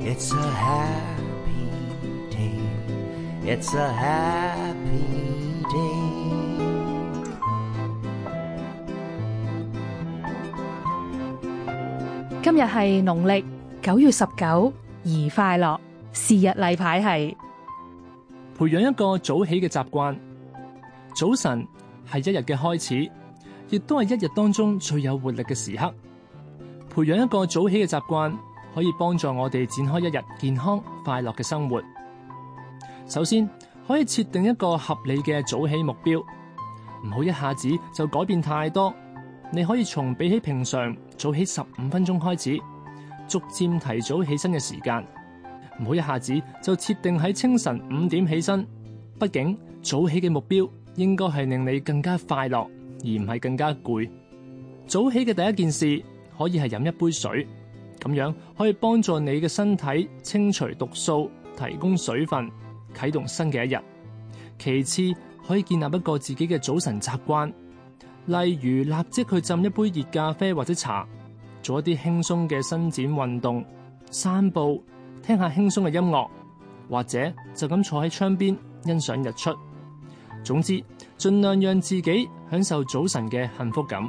It's a happy day. It's a happy day. 今日係農曆九月十九，而快樂，是日例牌係培養一個早起嘅習慣。早晨係一日嘅開始，亦都係一日當中最有活力嘅時刻。培養一個早起嘅習慣，可以幫助我哋展開一日健康快樂嘅生活。首先，可以設定一個合理嘅早起目標，唔好一下子就改變太多。你可以從比起平常早起十五分鐘開始，逐漸提早起身嘅時間。唔好一下子就設定喺清晨五點起身。畢竟，早起嘅目標應該係令你更加快樂，而唔係更加攰。早起嘅第一件事。可以係飲一杯水。咁樣可以幫助你嘅身體清除毒素，提供水分，啟動新嘅一日。其次，可以建立一個自己嘅早晨習慣，例如立即去浸一杯熱咖啡或者茶，做一啲輕鬆嘅伸展運動、散步、聽下輕鬆嘅音樂，或者就咁坐喺窗邊欣賞日出。總之，盡量讓自己享受早晨嘅幸福感。